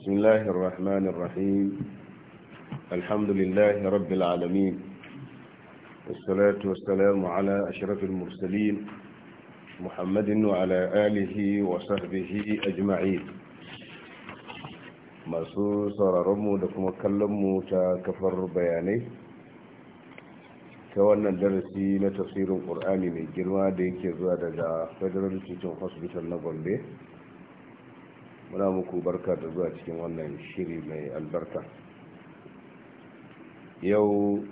بسم الله الرحمن الرحيم الحمد لله رب العالمين والصلاة والسلام على أشرف المرسلين محمد وعلى آله وصحبه أجمعين مرسو صار رمو لكم كلمو تكفر بياني كوانا درسي لتصير القرآن من جلوان ديكي زوادة فدرن تتنخص بيت النظر به بي. muna muku barka da zuwa cikin wannan shiri mai albarka yau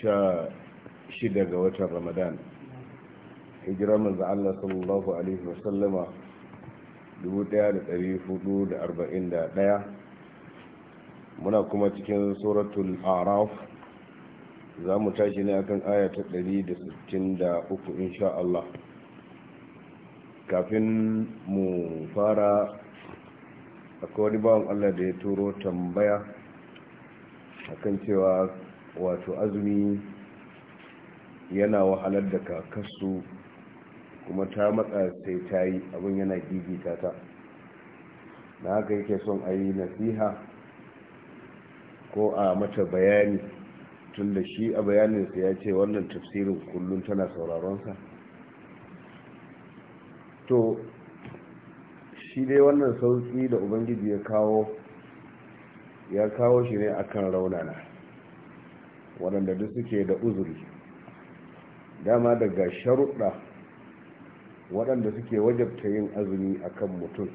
sha shida ga watan ramadan hijira manzo Allah sallallahu alaihi wasallama 1441 muna kuma cikin suratul araf za mu tashi ne akan aya ta 163 insha Allah kafin mu fara a wani bawan allah da ya turo tambaya akan cewa wato azumi yana wahalar da kakarsu kuma ta matsa sai ta yi abin yana gigita ta na haka yake son a yi nasiha ko a mata bayani tun da shi a bayaninsa ya ce wannan tafsirin kullum tana sauraronsa to shi dai wannan sauki da ubangiji ya kawo ya kawo shi ne akan raunana waɗanda duk suke da uzuri dama daga sharuɗa waɗanda suke wajabta yin azumi akan mutum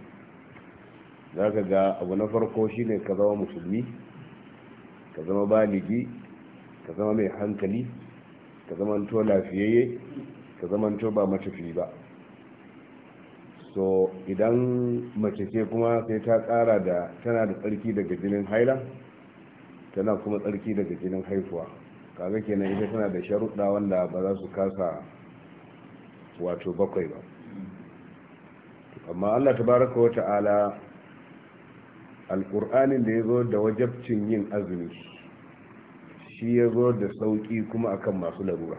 za ka ga abu na farko shi ne ka zama musulmi ka zama baligi ka zama mai hankali ka zama to lafiyayye ka zama to ba matafi ba so idan mace ce kuma sai ta kara da tana da tsarki daga jinin haila tana kuma tsarki daga jinin haifuwa kaga kenan ita tana da sharuɗa wanda ba za su kasa wato bakwai ba amma allah tabaraka wa ta'ala alƙur'anin da ya zo da wajabcin yin azumi shi ya zo da sauƙi kuma akan masu larura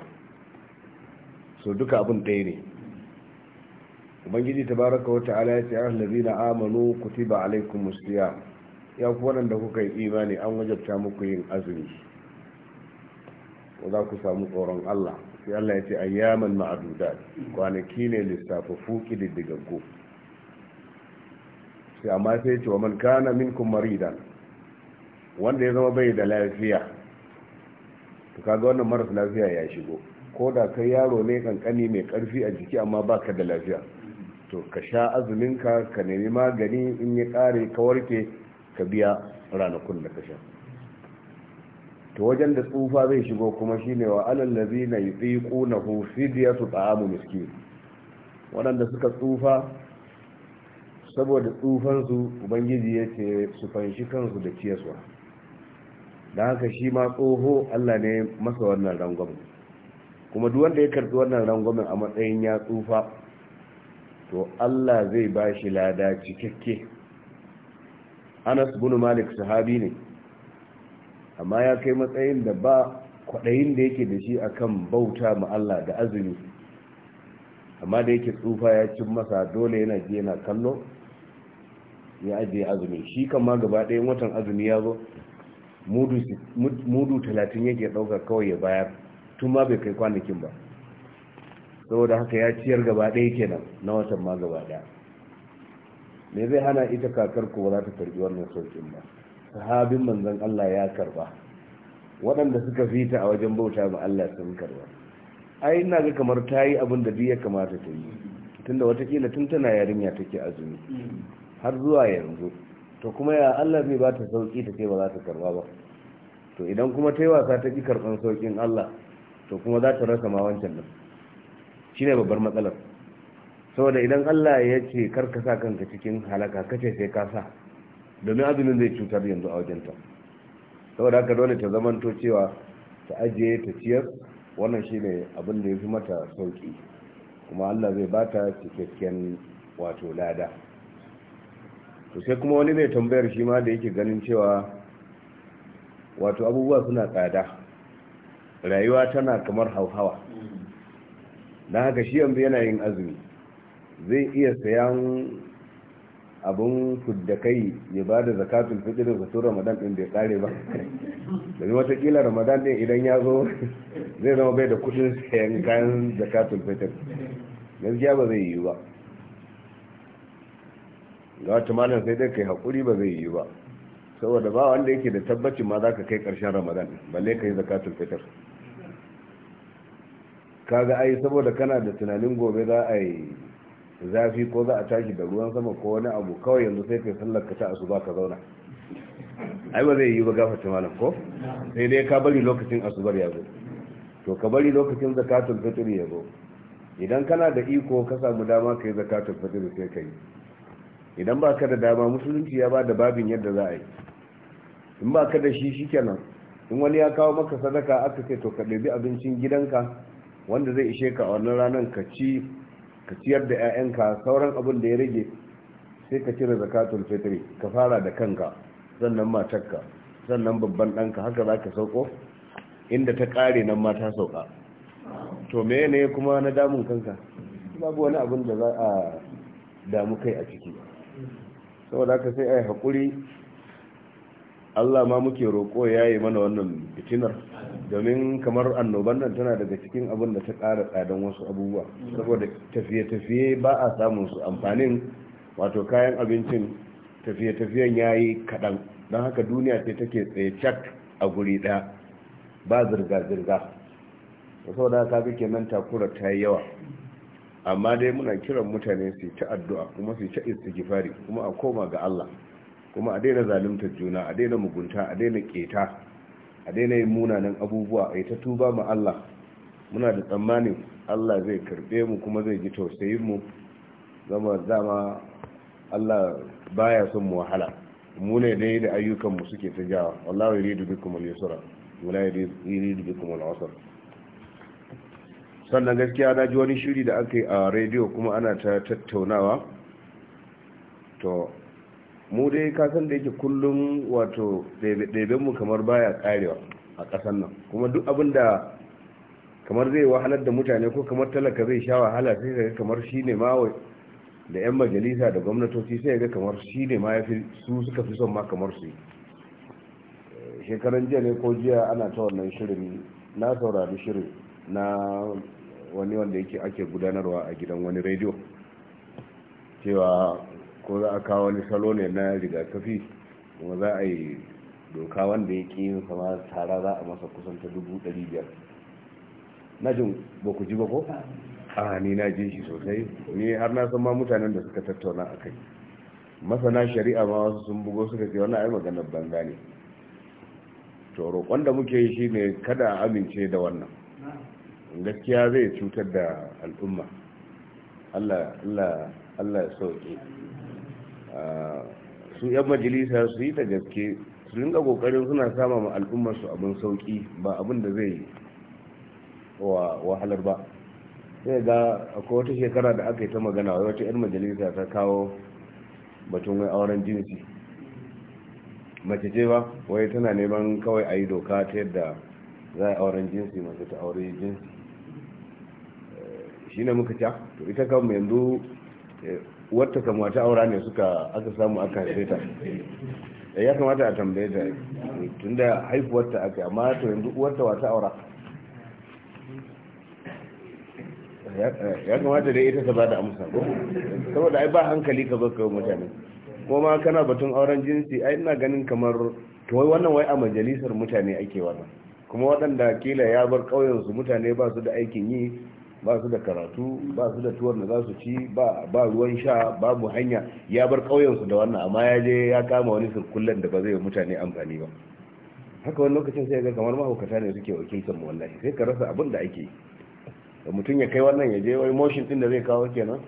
so duka abin ɗaya ne ubangiji tabaraka wa ta'ala ya ce ahlazina amanu kutiba alaikumus siyam ya ku waɗanda kuka yi imani an wajabta muku yin azumi Ko za ku samu tsoron Allah sai Allah ya ce ayyaman ma'adudat kwanaki ne lissafafu kididdigaggu sai amma sai ya ce wa man kana minkum wanda ya zama bai da lafiya to kaga wannan maras lafiya ya shigo ko da kai yaro ne kankani mai karfi a jiki amma baka da lafiya to ka sha azuminka ka nemi magani in ya kare ka warke ka biya ranakun da ka sha to wajen da tsufa zai shigo kuma shi shine wa alal ladina yutiqunahu fidyatu ta'amu miski waɗanda suka tsufa saboda tsufansu ubangiji ya ce su fanshi kansu da ciyaswa da haka shi ma tsoho allah ne masa wannan rangwamin kuma duk wanda ya karbi wannan rangwamin a matsayin ya tsufa to Allah zai ba shi lada cikakke anas bin malik sahabi ne amma ya kai matsayin da ba kwaɗayin da yake da shi akan bauta ma Allah da azumi amma da yake tsufa ya cin masa dole yana ji yana kallo ya ajiye azumi shi kama gaba ɗayan watan azumi ya zo mudu talatin yake ɗauka kawai ya bayar tun ma bai kai kwanakin ba saboda haka ya ciyar gaba ɗaya kenan na watan ma gaba ɗaya me zai hana ita kakar ko za ta karbi wannan sauƙin ba sahabin manzon Allah ya karba waɗanda suka fita a wajen bauta ma Allah sun karba ai ina ga kamar ta yi abin da ya kamata ta yi tunda watakila tun tana yarinya take azumi har zuwa yanzu to kuma ya Allah zai ba ta sauki ta ce ba za ta karba ba to idan kuma ta yi wasa ta ƙi karɓar sauƙin Allah to kuma za ta rasa ma wancan nan shine babbar matsalar saboda idan Allah ya ce kar ka sa kanka cikin halaka kace sai ka sa domin azumin zai cutar yanzu a wajenta saboda haka dole ta zamanto cewa ta ajiye ta ciyar wannan shine abin da ya fi mata sauki kuma Allah zai bata cikakken wato lada to sai kuma wani mai tambayar shi ma da yake ganin cewa wato abubuwa suna tsada rayuwa tana kamar hauhawa Na haka shi yanzu yana yin azumi zai iya sayan abin kudakai kai ya ba da zakatun fitirin su ramadan din bai tsare ba da domin watakila ramadan din idan ya zo zai zama bai da kudin sayan kayan zakatun fitir gaskiya ba zai yi ba ga wata malam sai dai kai haƙuri ba zai yi ba saboda ba wanda yake da tabbacin ma za ka kai ƙarshen ramadan balle ka yi zakatun fitir kaga ai saboda kana da tunanin gobe za a yi zafi ko za a tashi da ruwan sama ko wani abu kawai yanzu sai kai sallar ka ta asuba ka zauna ai ba zai yi ba gafarta malam ko sai dai ka bari lokacin asubar ya zo to ka bari lokacin zakatul fitr ya zo idan kana da iko ka samu dama kai zakatul fitr sai kai idan ba ka da dama musulunci ya ba da babin yadda za a yi in ba ka da shi shikenan in wani ya kawo maka sadaka aka ce to ka ɗabi abincin gidanka wanda zai ishe ka a wannan ranar ka ciyar da 'ya'yanka sauran abin da ya rage sai ka cire zakatul fitri ka fara da kanka sannan matarka sannan babban ɗanka haka za ka sauko inda ta kare nan ma ta sauka to me ne kuma na damun kanka babu wani abin da za a damu kai a ciki saboda haka sai ayi hakuri haƙuri allah ma muke roƙo ya yi mana wannan fitinar domin kamar annoban nan tana daga cikin abin da ta ƙara tsadan wasu abubuwa saboda tafiye-tafiye ba a samun su amfanin wato kayan abincin tafiye-tafiyen ya yi kaɗan don haka duniya ce take tsaye cak a guri ɗaya ba zirga-zirga da saboda haka ga kenan takura ta yi yawa amma dai muna kiran mutane su ta addu'a kuma su ta istighfari kuma a koma ga Allah kuma a daina zaluntar juna a daina mugunta a daina keta a daina yin munanan abubuwa a yi ta tuba ma Allah muna da tsammanin Allah zai karbe mu kuma zai ji tausayin mu zama zama Allah baya son mu wahala mu ne dai da ayyukan mu suke ta jawa wallahi yuridu bikum al-yusra wala yuridu bikum al-usra sannan gaskiya na ji wani shiri da aka yi a rediyo kuma ana ta tattaunawa to mu dai ka san da yake kullum wato mu kamar baya karewa a ƙasan nan kuma duk abin da kamar zai wahalar da mutane ko kamar talaka zai sha wahala sai ga kamar shi ne ma da 'yan majalisa da gwamnatoci sai ga kamar shi ne ma ya fi su suka fi son ma kamar su shekaran jiya ne ko jiya ana ta wannan shirin na saurari shirin na wani wanda yake ake gudanarwa a gidan wani rediyo cewa ko za a kawo wani salo ne na rigakafi kuma za a yi doka wanda ya ƙi yin sama tara za a masa kusan ta dubu ɗari biyar na jin ba ku ji ba ko a ni na ji shi sosai ni har na san ma mutanen da suka tattauna a kai masana shari'a ma wasu sun bugo suka ce wannan ai maganar banza ne to roƙon da muke yi shine kada a amince da wannan gaskiya zai cutar da al'umma Allah Allah ya sauke su 'yan majalisa su yi ta gaske su rinka kokarin suna sama ma al'ummarsu abin sauki ba abin da zai wahalar ba sai ga akwai wata shekara da aka yi ta magana wai wata 'yan majalisa ta kawo batun wai auren jinsi mace ce ba wai tana neman kawai a yi doka ta yadda za a yi auren jinsi mace ta aure jinsi eh, shi ne muka ca to ita kan yanzu eh, wata kamata aura ne suka aka samu aka haife ta eh, ya kamata a tambaye ta tunda ta aka amma to yanzu ta wata aura ya kamata dai ita ta ba da amsa ko saboda ai ba hankali ka ba wa mutane ma kana batun auren jinsi ai ina ganin kamar to wai wannan wai a majalisar mutane ake wannan kuma waɗanda kila ya bar ƙauyensu mutane ba su da aikin yi ba su da karatu ba su da tuwon da za su ci ba ruwan sha babu hanya ya bar ƙauyensu da wannan amma ya je ya kama wani sirkullen da ba zai mutane amfani ba haka wani lokacin sai ga kamar mahaukata ne suke wakiltar mu wallahi sai ka rasa abin da ake da mutum ya kai wannan ya je wai motion din da zai kawo kenan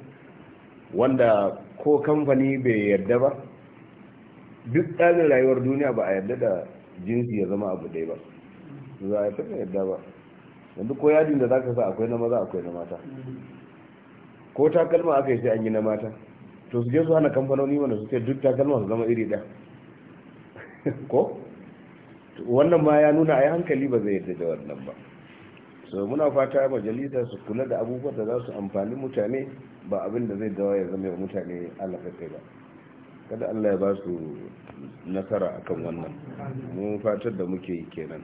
wanda ko kamfani bai yarda ba duk tsarin rayuwar duniya ba a yarda da jinsi ya zama abu ɗaya ba za a yarda ba yanzu ko yadin da za ka sa akwai na maza akwai na mata ko takalma aka yi sai an yi na mata to su je su hana kamfanoni wanda su ce duk takalma su zama iri ɗaya ko wannan ma ya nuna a yi hankali ba zai yadda da wannan ba so muna fata majalisa su kula da abubuwan da za su amfani mutane ba abin da zai dawa ya zama mutane allah kai ba kada allah ya ba su nasara akan wannan mun fatar da muke yi kenan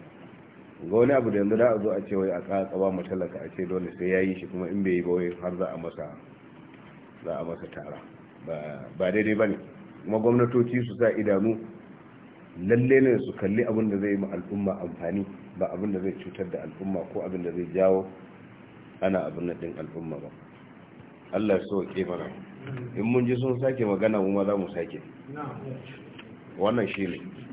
ga wani abu da yanzu da a zo a ce wai a ba matalaka a ce dole sai ya yi shi kuma in bai yi bai har za a masa za tara ba daidai ba ne kuma gwamnatoci su sa idanu lalle ne su kalli abin da zai ma al'umma amfani ba abin da zai cutar da al'umma ko abin da zai jawo ana abin da din al'umma ba Allah so ke mana in mun ji sun sake magana mu ma za mu sake wannan shine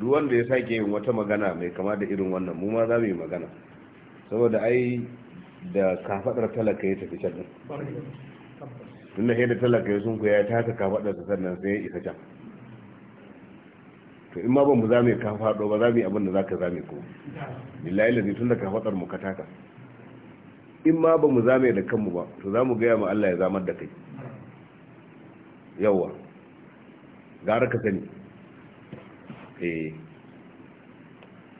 duk wanda ya sake yin wata magana mai kama da irin wannan mu ma za mu yi magana saboda ai da kafadar talaka ya tafi can tun da da talaka ya sun ku ya taka kafadar ta sannan sai ya isa can to in ma ba mu za mu yi kafado ba za mu yi abin da za ka za mu ko lillahi lazi tun da kafadar mu ka taka in ma ba mu zame da kanmu ba to za mu gaya ma Allah ya zamar da kai yawa gara ka sani eh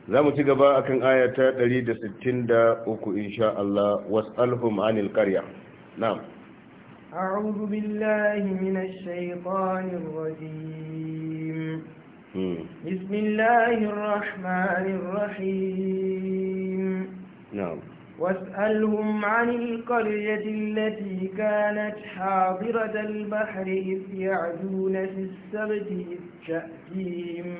za mu ci gaba akan aya ta 163 insha Allah was'alhum anil qarya na'am أعوذ بالله من الشيطان الرجيم بسم الله الرحمن الرحيم نعم واسألهم عن القرية التي كانت حاضرة البحر إذ يعدون في السبت إذ تأتيهم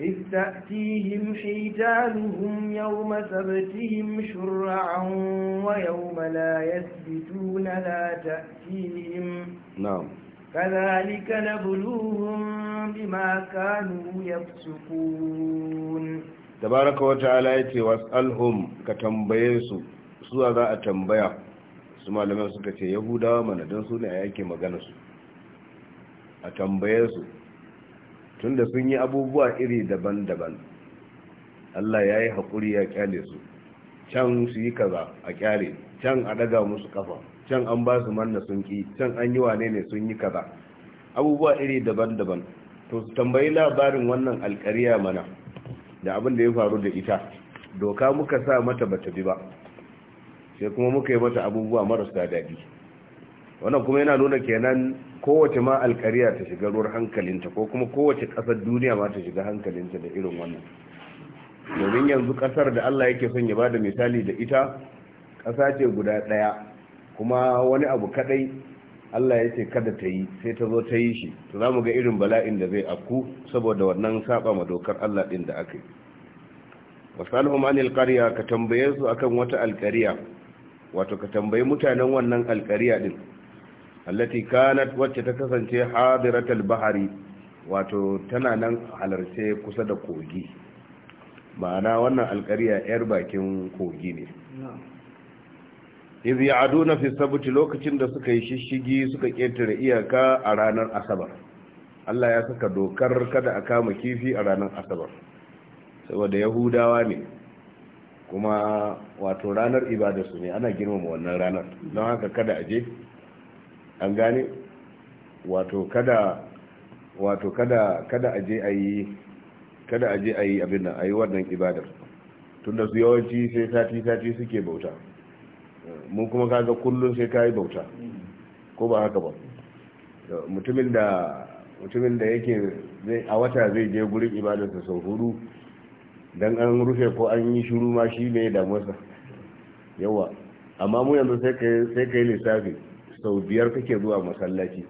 إذ تأتيهم حيتانهم يوم سبتهم شرعا ويوم لا يسبتون لا تأتيهم نعم كذلك نبلوهم بما كانوا يفسقون تبارك وتعالى يتي واسألهم كتنبيسوا سوى ذا أتنبيع سمع لما سكت يهودا من دنسون أيكي مغنسوا أتنبيسوا tunda sun yi abubuwa iri daban-daban Allah ya yi haƙuri ya kyale su can su yi kaza a kyale can a daga musu kafa can an ba su manna sun ki can an yi wane ne sun yi kaza abubuwa iri daban-daban to su tambayi labarin wannan alkariya mana da abin da ya faru da ita doka muka sa mata bata bi ba sai kuma muka yi mata abubuwa marasa daɗi wannan kuma yana nuna kenan kowace ma alkariya ta shiga ruwar hankalinta ko kuma kowace ƙasar duniya ma ta shiga hankalinta da irin wannan domin yanzu ƙasar da Allah yake son ya ba da misali da ita ƙasa ce guda ɗaya kuma wani abu kaɗai Allah ya ce kada ta yi sai ta zo ta yi shi to za mu ga irin bala'in da zai afku saboda wannan saba ma dokar Allah ɗin da aka yi wasalhum anil ka tambaye su akan wata alƙariya wato ka tambayi mutanen wannan alkariya din allati kanat wacce ta kasance hadiratul bahari wato tana nan halarce kusa da kogi ma'ana wannan alƙariya yar bakin kogi ne iz ya'aduna fi sabuti lokacin da suka yi shishigi suka ketare iyaka a ranar asabar Allah ya saka dokar kada a kama kifi a ranar asabar saboda yahudawa ne kuma wato ranar ibadarsu ne ana girmama wannan ranar don haka kada a je an gane wato kada wato kada kada aje a yi kada aje a abin nan a yi wannan ibadar tunda su yawanci sai sati sati suke bauta mun kuma kaga kullum sai kai bauta ko ba haka ba mutumin da mutumin da yake a wata zai je gurin ibadarsa sau hudu don an rufe ko an yi shiru ma shi ne damuwarsa yawa amma mu yanzu sai ka yi lissafi sau biyar kake zuwa masallaci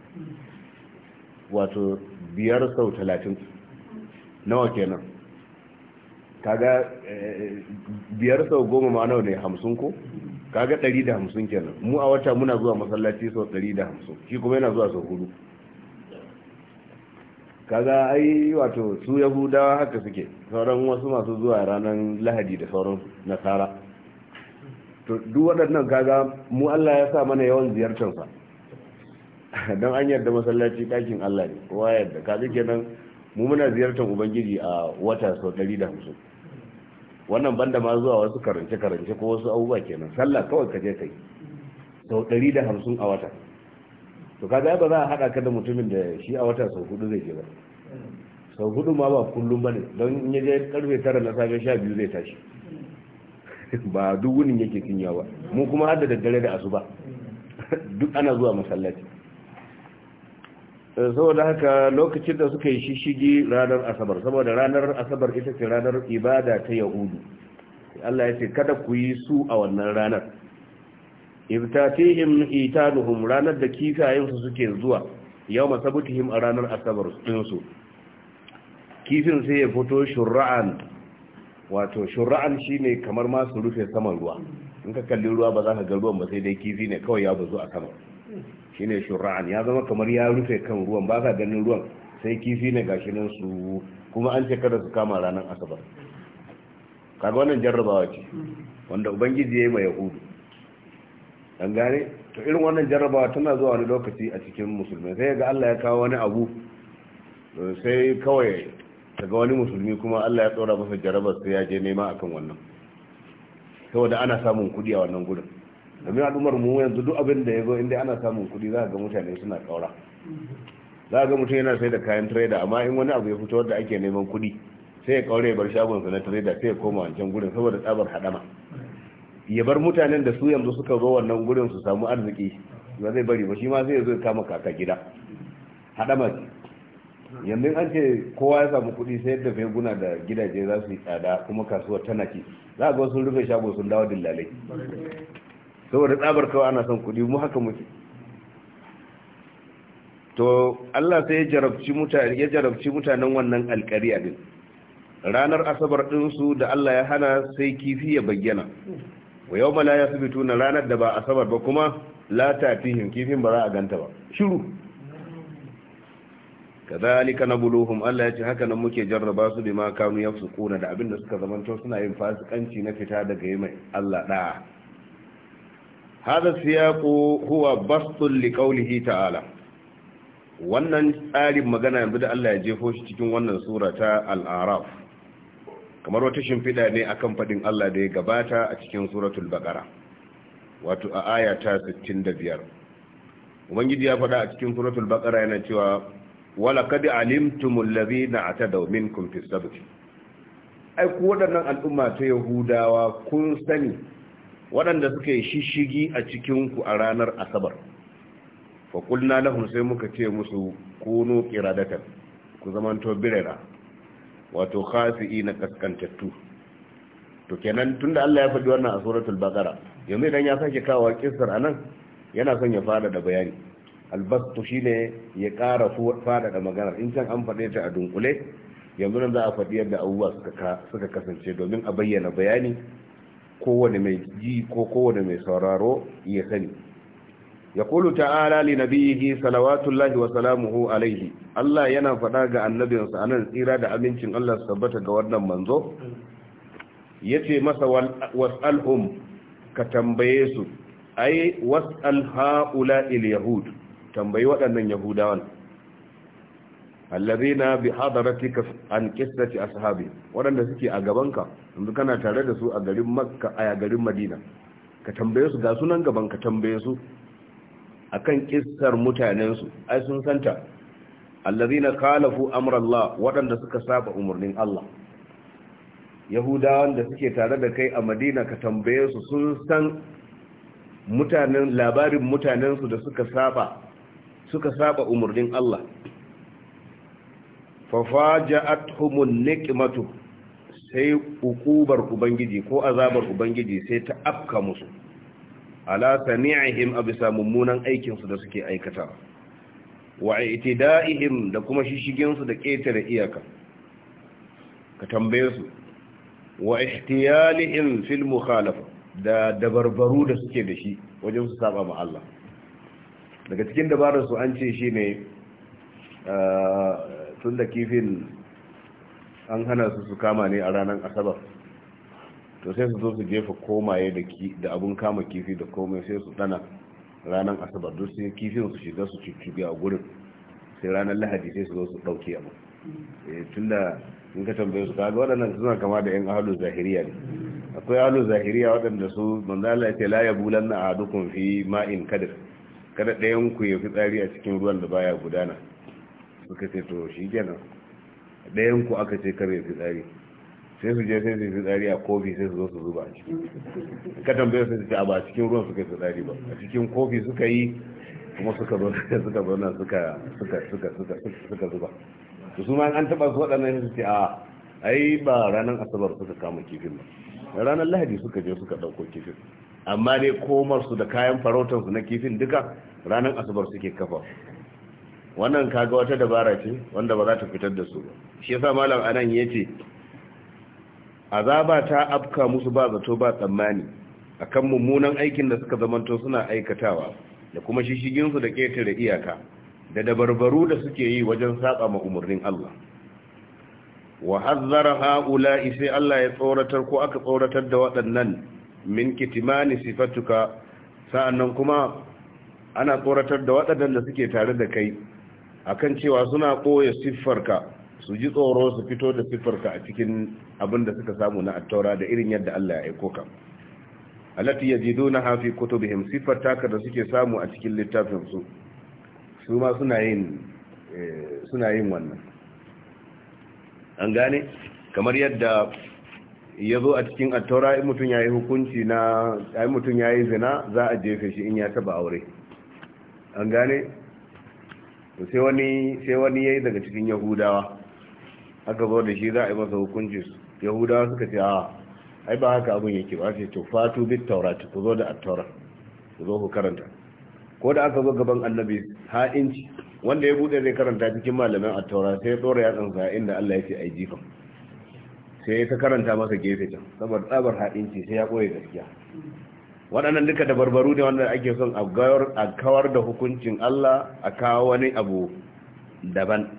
wato biyar sau talatin nawa kenan kaga eh, biyar sau goma ma nawa ne hamsin ko kaga ɗari da hamsin kenan mu a wata muna zuwa masallaci sau ɗari da hamsin shi kuma yana zuwa sau hudu kaga ai wato su yahudawa haka suke sauran wasu masu zuwa ranar lahadi da sauran nasara to duk waɗannan kaga mu Allah ya sa mana yawan ziyartarsa don an yarda masallaci ɗakin Allah ne kowa yarda kaga kenan mu muna ziyartar ubangiji a wata sau ɗari da hamsin wannan banda ma zuwa wasu karance karance ko wasu abubuwa kenan sallah kawai ka je kai sau ɗari da hamsin a wata to kaga ba za a haɗa ka da mutumin da shi a wata sau hudu zai je ba sau hudu ma ba kullum ba ne don in ya je karfe tara na safe sha biyu zai tashi ba duk wunin yake cinya ba mu kuma har da daddare da asuba duk ana zuwa masallaci eh, saboda haka lokacin da suka yi shishigi ranar asabar saboda ranar asabar ita ce ranar ibada ta yahudu Allah ya ce kada ku yi su a wannan ranar ibtatihim itanuhum ranar da su suke zuwa yau masabutihim a ranar asabar su kifin sai ya fito shura'an wato shura'an shi ne kamar masu rufe saman ruwa in ka kalli ruwa ba za ka ga ruwan ba sai dai kifi ne kawai ya bazu a sama ne shura'an ya zama kamar ya rufe kan ruwan ba ka ganin ruwan sai kifi ne gashi nan su kuma an ce kada su kama ranar asabar kaga wannan jarrabawa ce wanda ubangiji ya yi mai yahudu an gane to irin wannan jarrabawa tana zuwa wani lokaci a cikin musulmai sai ga Allah ya kawo wani abu sai kawai daga wani musulmi kuma Allah ya tsora masa jarabar sai ya je nema akan wannan saboda ana samun kuɗi a wannan gudun. domin al'ummar mu yanzu duk abin da ya zo inda ana samun kuɗi za ga mutane suna kaura za ga mutum yana sai da kayan trader amma in wani abu ya fito wanda ake neman kuɗi sai ya kaure ya bar shagonsa na trader sai ya koma wancan gudun saboda tsabar hadama ya bar mutanen da su yanzu suka zo wannan gudun su samu arziki ba zai bari ba shi ma sai zai zo ya kama kaka gida hadama ce yanzu an ce kowa ya samu kuɗi yadda da feguna da gidaje za su yi tsada kuma kasuwar tana ci za ga sun rufe shago sun dawo dillalai saboda tsabar kawai ana son kuɗi mu haka muke to Allah sai ya jarabci mutane ya jarabci mutanen wannan a din ranar asabar din su da Allah ya hana sai kifi ya bayyana wa yawma la yasbituna ranar da ba asabar ba kuma la tatihim kifin ba za a ganta ba shiru kadhalika nabluhum Allah yace haka nan muke jarraba su bima kanu yafsukuna da abin da suka to suna yin fasikanci na fita daga yi mai Allah da hada siyaqu huwa bastul liqaulihi ta'ala wannan tsarin magana yanzu da Allah ya jefo shi cikin wannan sura ta al-araf kamar wata shimfida ne akan fadin Allah da ya gabata a cikin suratul baqara wato a aya ta 65 ubangiji ya faɗa a cikin suratul baqara yana cewa wala kadi alimtumul ladhina atadaw minkum fi sabti ai ku waɗannan al'umma ta yahudawa kun sani waɗanda suka yi shishigi a cikinku a ranar asabar fa kulna lahum sai muka ce musu kunu qiradatan ku zamanto birera wato khasi'ina kaskantattu to kenan tunda Allah ya faɗi wannan a suratul baqara yanzu idan ya sake kawo kissar anan yana son ya fara da bayani shi ne ya ƙara faɗaɗa maganar in can an faɗe ta a dunkule yanzu nan za a faɗi yadda abubuwa suka kasance domin a bayyana bayani kowane mai ji ko kowane mai sauraro ya sani ya kulu ta'ala li nabiyihi salawatullahi wa salamuhu alaihi Allah yana faɗa ga annabinsa anan tsira da amincin Allah su tabbata ga wannan manzo yace masa was'alhum ka tambaye su ai was'al ha'ula il yahud tambayi waɗannan yahudawan na bi hadratika an qissati ashabi waɗanda suke a gabanka yanzu kana tare da su a garin makka a garin madina ka tambaye su ga sunan gaban ka tambaye su akan kissar mutanen su ai sun santa allazina na amra Allah waɗanda suka saba umarnin Allah yahudawan da suke tare da kai a madina ka tambaye su sun san mutanen labarin mutanensu da suka saba suka saba umarnin Allah fafaja'atuhumun nikmatu sai ukubar ubangiji ko azabar ubangiji sai ta afka musu ala sami'ihim abisa mummunan aikin su da suke aikata wa itida'ihim da kuma shishigin su da ƙetare iyaka ka tambaye su wa ihtiyalihim fil mukhalafa da dabarbaru da suke da shi wajen su saba ma Allah daga cikin dabararsu an ce shi ne eh, tun da kifin an hana su su kama ne a ranar asabar to sai su zo su jefa komaye da abun kama kifi da komai sai su tsana ranar asabar duk sai kifin su shiga su ciccibi a gurin sai ranar lahadi sai su zo su ɗauke abu eh, tun da in ka tambaye su kaga waɗannan suna kama da 'yan ahalu zahiriya ne akwai ahalu zahiriya waɗanda su manzala ya ce la ya bulan na a dukkan fi ma'in kadir kada ɗayan ku ya fitsari a cikin ruwan da baya gudana suka ce to shi kenan ɗayan ku aka ce kar ya fitsari sai su je sai su fitsari a kofi sai su zo su zuba a ciki ka sai su ce a ba a cikin ruwan suka fitsari ba a cikin kofi suka yi kuma suka zo suka zauna suka suka suka suka suka zuba su ma an taba su waɗannan su ce a ai ba ranar asabar suka kama kifin ba ranar lahadi suka je suka ɗauko kifin amma ne komarsu da kayan farautarsu na kifin duka ranar asabar suke kafa wannan kaga wata dabara ce wanda ba za ta fitar da su ba shi yasa malam anan ya ce azaba ta afka musu ba zato ba tsammani akan mummunan aikin da suka zamanto suna aikatawa da kuma shishiginsu da ƙetare iyaka da dabarbaru da suke yi wajen saba ma umarnin Allah wa hazzara ha'ula'i sai Allah ya tsoratar ko aka tsoratar da waɗannan min kitimani sifatuka sa'annan kuma ana tsoratar da waɗannan da suke tare da kai akan cewa suna koya siffarka su ji tsoro su fito da siffarka a cikin abin da suka samu na attaura da irin yadda Allah ya aiko ka na hafi fi kutubihim siffar taka da suke samu a cikin littafinsu, su ma suna yin eh, wannan an gane kamar yadda ya zo a cikin attaura in mutum ya yi hukunci na yi mutum ya yi zina za a jefe shi in ya taba aure an gane sai wani sai wani ya yi daga cikin yahudawa aka zo da shi za a yi masa hukunci yahudawa suka ce a ai ba haka abin yake ba sai to fatu bit taurat ku zo da attaura ku zo ku karanta ko da aka zo gaban annabi ha'inci wanda ya bude zai karanta cikin malamin attaura sai ya dora yatsansa inda Allah ya ce yi jifan sai ta karanta masa gefe can saboda tsabar haɗinci sai ya ɓoye gaskiya waɗannan duka da barbaru ne wanda ake son a kawar da hukuncin Allah a kawo wani abu daban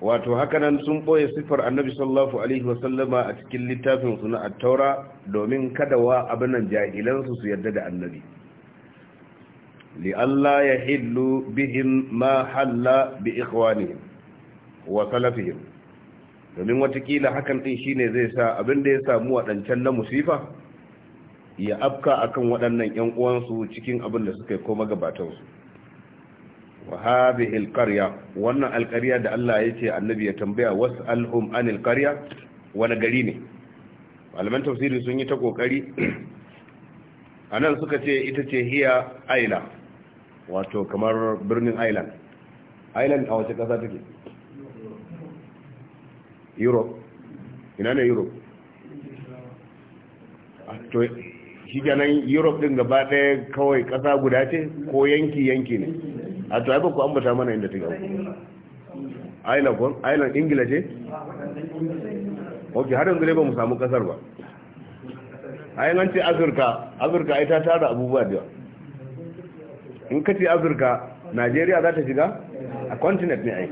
wato hakanan sun ɓoye siffar annabi sallallahu alaihi wasallama a cikin littafinsu na attaura domin kada wa abinan jahilansu su yarda da annabi لئلا يحل بهم ما حل بإخوانهم وسلفهم domin watakila hakan din shine zai sa abin da ya samu waɗancan na musifa ya afka akan waɗannan ƴan uwansu cikin abin da suka yi koma su wa hadhihi alqarya wannan alqarya da Allah ya ce annabi ya tambaya was'alhum anil qarya wani gari ne malaman tafsiri sun yi ta kokari anan suka ce ita ce hiya aila wato kamar birnin island island a wace kasa take europe ina ne europe A ah, to shi nan europe din gaba daya kawai kasa guda ce ko yanki yanki ne a to ai ba ku ambata mana inda take island kon island ingila ce ok har yanzu ne ba mu samu kasar ba ai ce azurka azurka ita ta tara abubuwa da yawa in ka ce afirka najeriya za ta shiga a continent ne ai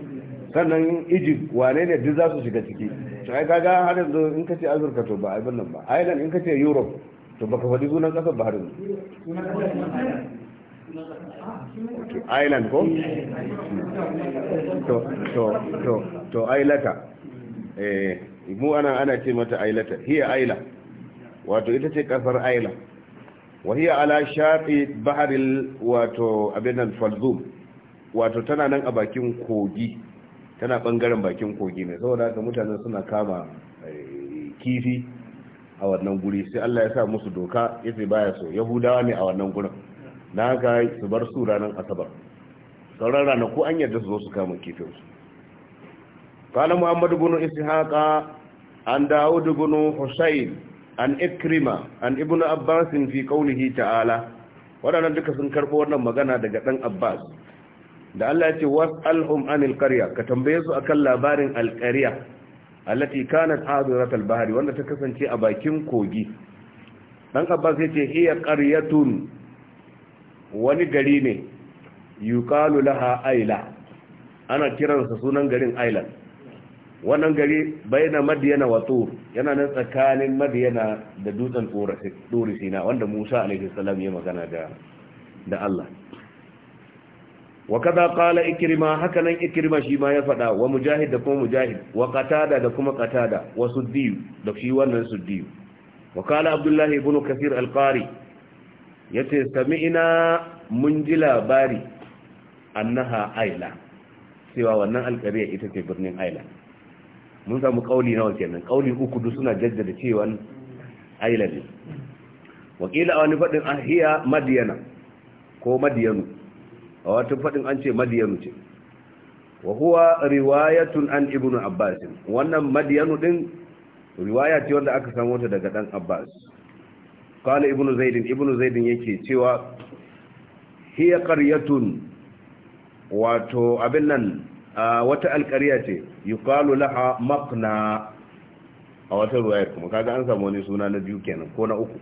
sannan egypt wane ne duk za su shiga ciki to ai kaga har yanzu in ka ce afirka to ba abin nan ba Island in ka ce europe to baka faɗi sunan ƙasar ba har yanzu to island ko to to to to ailata eh mu ana ana ce mata ailata hiya aila wato ita ce kasar aila wahiya ala shafi baharil wato abinan falzum wato tana nan a bakin kogi tana bangaren bakin kogi ne saboda ga mutane suna kama kifi a wannan guri sai Allah ya sa musu doka yace baya so yahudawa ne a wannan gurin na haka su bar su ranar asabar sauran ko an yarda su zo su kama kifin su kana muhammad ibn ishaqa an daud ibn husayn an ikrima an ibnu abbas fi qawlihi ta'ala wadannan duka sun karbo wannan magana daga dan abbas da Allah ya ce was'alhum anil qarya ka tambaye su akan labarin alqarya allati kanat hadirat albahri wanda ta kasance a bakin kogi dan abbas yace hiya qaryatun wani gari ne yuqalu laha aila ana kiransa sunan garin island wannan gari baina madiyana wa tur yana nan tsakanin madiyana da dutsen tsori sina wanda musa alaihi salam ya magana da da Allah wa kaza qala ikrima haka nan ikrima shi ma ya fada wa mujahid da kuma mujahid wa qatada da kuma qatada wa suddi da shi wannan suddi wa kala abdullah ibn kathir al-qari yace sami'na mun ji labari annaha aila cewa wannan alqari ita ce birnin aila mun samu kauli nawa kenan kauli uku duk suna jaddada cewa aila ne wakila wani fadin ahiya madiyana ko madiyanu a wata fadin an ce madiyanu ce wa huwa riwayatun an ibnu abbas wannan madiyanu din riwaya ce wanda aka samu ta daga dan abbas qala ibnu zaidin ibnu zaidin yake cewa hiya qaryatun wato abin nan wata alƙarya ce yuqalu laha maqna a wata ruwayar kuma kaga an samu wani suna na biyu kenan ko na uku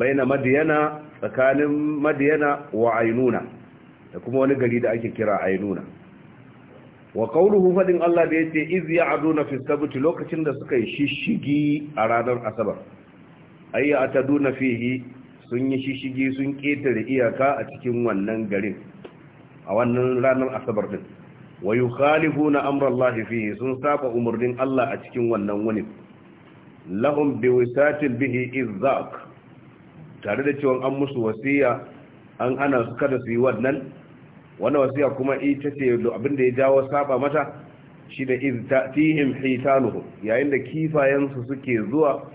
baina madiyana tsakanin madiyana wa ainuna da kuma wani gari da ake kira ainuna wa qawluhu fadin Allah da yace iz ya'duna fi sabti lokacin da suka yi shishigi a ranar asabar ayya ataduna fihi sun yi shishigi sun ketare iyaka a cikin wannan garin a wannan ranar asabar din wa yukhalifuna na Allah fihi sun saba umurnin Allah a cikin wannan wani lahum biwisatil bihi izzak tare da cewa an musu wasiya an ana su kada su yi wannan wannan wasiya kuma ita ce abin da ya jawo saba mata shi da iztatihim hitanuhu yayin da kifayensu suke zuwa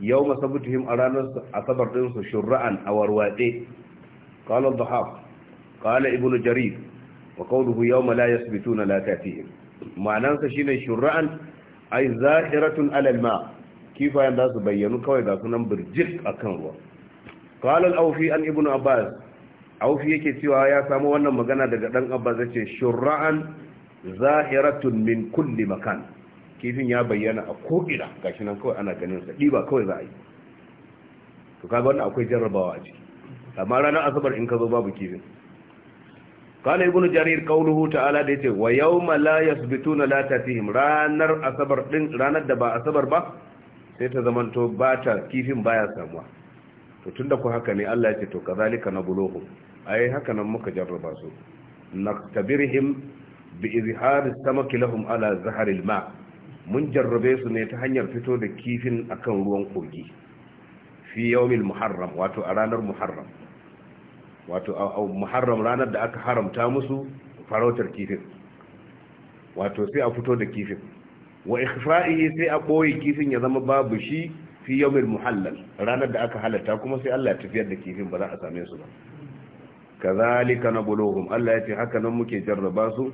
yau masabutihim a ranar asabar ɗinsu shurra'an a warwaɗe ƙalar dhahab ibnu jarir wa qawluhu yawma la yasbituna la ta'tihim ma'anansa shine shur'an ay zahiratun ala al-ma kifayen za su bayyanu kawai ga sunan birjik akan ruwa qala al-awfi an ibnu abbas awfi yake cewa ya samu wannan magana daga dan abbas yace shur'an zahiratun min kulli makan kifin ya bayyana a ko'ina gashi nan kawai ana ganin sa ɗiba kawai za a to kaga wannan akwai jarrabawa a ciki amma ranar asabar in ka zo babu kifin قال ابن جرير قوله تعالى ديته ويوم لا يثبتون لا تاتيهم ranar asabar din ranar da ba asabar ba sai ta zamanto bata kifin baya samuwa to tunda ku haka ne Allah ya ce to kazalika nabuluhum ai haka nan muka jarraba su naktabirhim bi izharis samaki lahum ala zaharil ma mun jarrabe su ne ta hanyar fito da kifin akan ruwan kogi fi yawmil muharram wato a ranar muharram wato muharram ranar da aka haramta musu farautar kifin wato sai a fito da kifin wa ikhfa'ihi sai a boye kifin ya zama babu shi fi yawmil muhallal ranar da aka halatta kuma sai Allah ya tafiyar da kifin ba za a same su ba kazalika nabluhum Allah ya ce haka nan muke jarraba su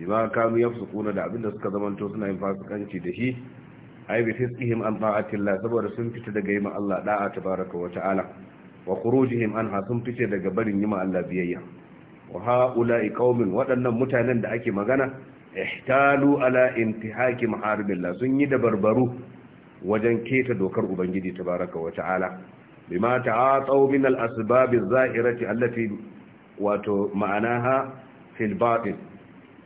bima kanu yafsukuna da abinda suka zamanto suna yin fasikanci da shi ai bi fisqihim an ta'atillah saboda sun fita daga yi ma Allah da'a tabaraka wa ta'ala wa khurujihim sun fice daga barin yi ma'alla biyayya wa haula'i qaumin waɗannan mutanen da ake magana ihtalu ala intihaki maharibillah sun yi dabarbaru wajen keta dokar ubangiji tabaraka wa ta'ala bima ta'atau min al-asbab az-zahirati allafi wato ma'anaha fil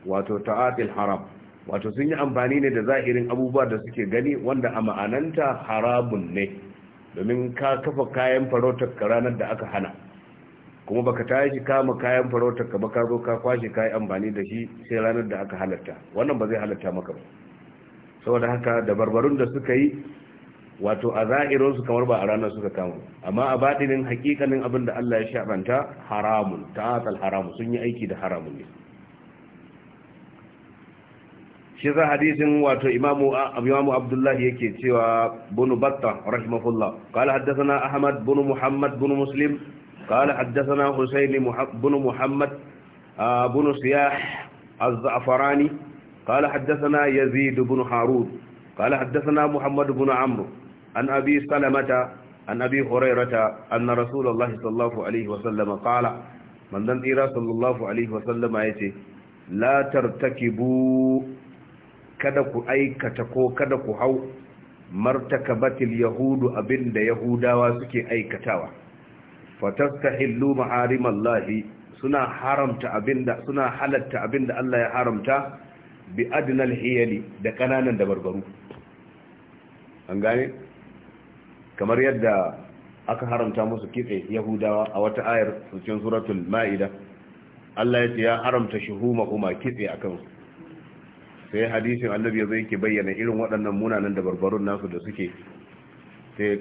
wato ta'atil haram wato sun yi amfani ne da zahirin abubuwa da suke gani wanda a ma'ananta haramun ne domin ka kafa kayan farautar ka ranar da aka hana kuma baka ta tashi kama kayan farautar ka ba ka zo ka kwashe kayan amfani da shi sai ranar da aka halatta wannan ba zai halatta maka ba saboda haka da barbarun da suka yi wato a za'irin su kamar ba a ranar suka kama amma a baɗinin hakikanin abin da Allah ya sha'anta haramun ta'atal haramu sun yi aiki da haramun ne shi za hadisin wato imamu imamu abdullahi yake cewa bunu batta rahimahullah qala haddathana ahmad bunu muhammad bunu muslim qala haddathana husayn bunu muhammad bunu siyah az-za'farani qala haddathana yazid bunu harun qala haddathana muhammad bunu amr an abi salamata an abi hurairata anna rasulullahi sallallahu alaihi wa sallam qala man dan tira sallallahu alaihi wa sallam yace la tartakibu kada ku aikata ko kada ku hau martakabatil yahudu abinda yahudawa suke aikatawa fatastahillu ma'arimallahi suna haramta abinda suna halatta abinda Allah ya haramta bi adnal hiyali da kananan dabarbaru an gane kamar yadda aka haramta musu kitse yahudawa a wata ayar cikin suratul ma'ida Allah ya ce ya haramta shuhuma kuma kitse akan su sai hadisin annabi ya zai ke bayyana irin waɗannan munanan da barbarun nasu da suke sai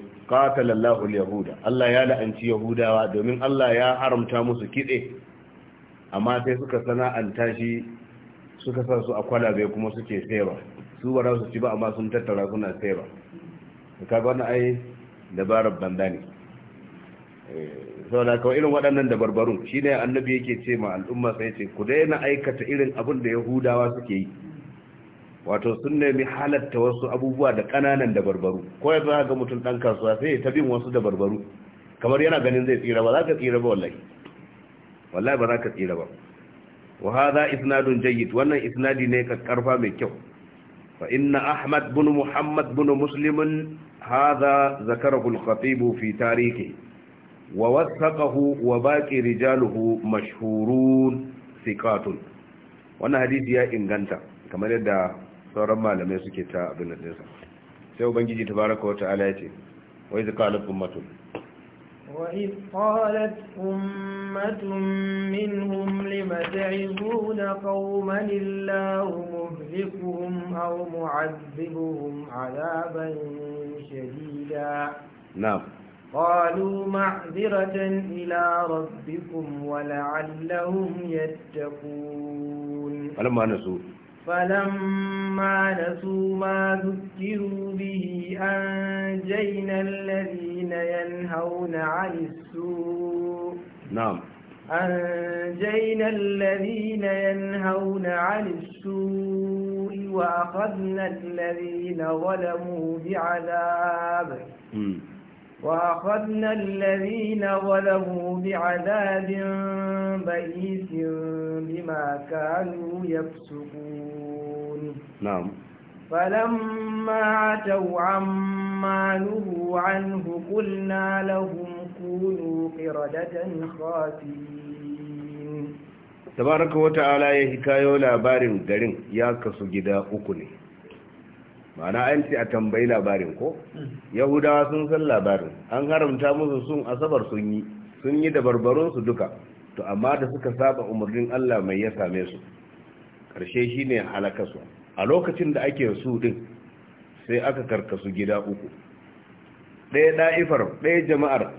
Allahu al-yahuda Allah ya la'anci yahudawa domin Allah ya haramta musu kide amma sai suka sana'anta shi suka sa su a kwalabe kuma suke sayarwa su ba za su ci ba amma sun tattara suna ka ga wannan ai dabarar banda ne eh, saboda kawai irin waɗannan da barbarun shi ne annabi yake ce ma al'umma sai ce ku daina aikata irin abin da yahudawa suke yi wato sun nemi halatta wasu abubuwa da ƙananan da ko ya za ga mutum ɗan kasuwa sai ta bin wasu barbaru. kamar yana ganin zai tsira ba za ka tsira ba wallahi wallahi ba za ka tsira ba wa hadha isnadun jayyid wannan isnadi ne karfa mai kyau fa inna ahmad bin muhammad bin muslim hadha zakarahu al-khatib fi tarihi wa wasaqahu wa baqi rijaluhu mashhurun thiqatun wannan hadisi ya inganta kamar yadda sauran malamai suke ta abin da sai ubangiji tabaraka wa ta'ala ya ce wai zaka alqum matul وإذ قالت أمة منهم لم تعظون قوما الله مهلكهم أو معذبهم عذابا شديدا نعم قالوا معذرة إلى ربكم ولعلهم يتقون فلما نسوا فلما نسوا ما ذكروا به أنجينا الذين ينهون عن السوء نعم أنجينا الذين ينهون عن السوء وأخذنا الذين ظلموا بعذاب وأخذنا الذين ظلموا بعذاب بئيس بما كانوا يفسقون نعم فلما عتوا عما نهوا عنه قلنا لهم كونوا قردة خاسئين تبارك وتعالى يحكايو لابارن غرين يا كسو جدا uku ne ma'ana an ce a tambayi labarin ko yahudawa sun san labarin an haramta musu sun asabar sun yi sun yi da su duka to amma da suka saba umarnin Allah mai ya same su karshe shine halaka su a lokacin da ake su din sai aka karkasu gida uku ɗaya da'ifar ɗaya jama'ar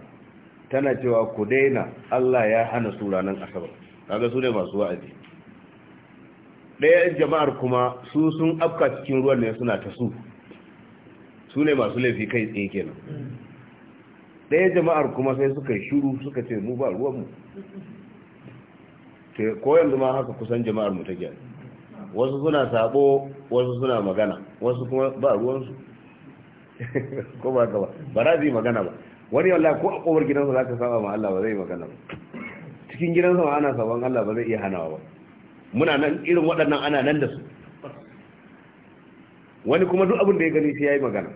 tana cewa ku daina Allah ya hana su ranar asabar kaga su ne masu wa'azi ɗaya jama'ar kuma su sun afka cikin ruwan ne suna ta su su ne masu laifi kai tsaye kenan ɗaya jama'ar kuma sai suka yi shuru suka ce mu ba ruwanmu ko yanzu ma haka kusan jama'ar mu take wasu suna sabo wasu suna magana wasu kuma ba ruwansu ko ba gaba ba za su yi magana ba wani wallahi ko a kowar gidansa za ka saba ma Allah ba zai magana ba cikin gidansa ma ana saban Allah ba zai iya hanawa ba muna nan irin waɗannan ana nan da su wani kuma duk abin da ya gani sai ya yi magana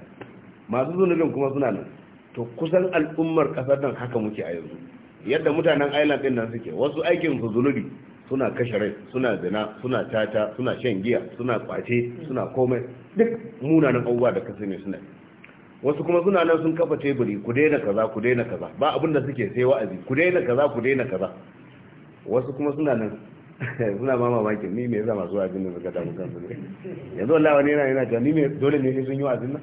masu zunubin kuma suna nan to kusan al'ummar ƙasar nan haka muke a yanzu yadda mutanen island ɗin nan suke wasu aikin su zunubi suna kashe rai suna zina suna tata suna shan giya suna kwace suna komai duk munanan abubuwa da kasu ne suna wasu kuma suna nan sun kafa teburi ku daina kaza ku daina kaza ba abin da suke sai wa'azi ku daina kaza ku daina kaza wasu kuma suna nan suna ba mamakin ni ne zama zuwa jinnin suka tafi kansu ne yanzu Allah wani yana yana ta ni ne dole ne sun yi wa'azin nan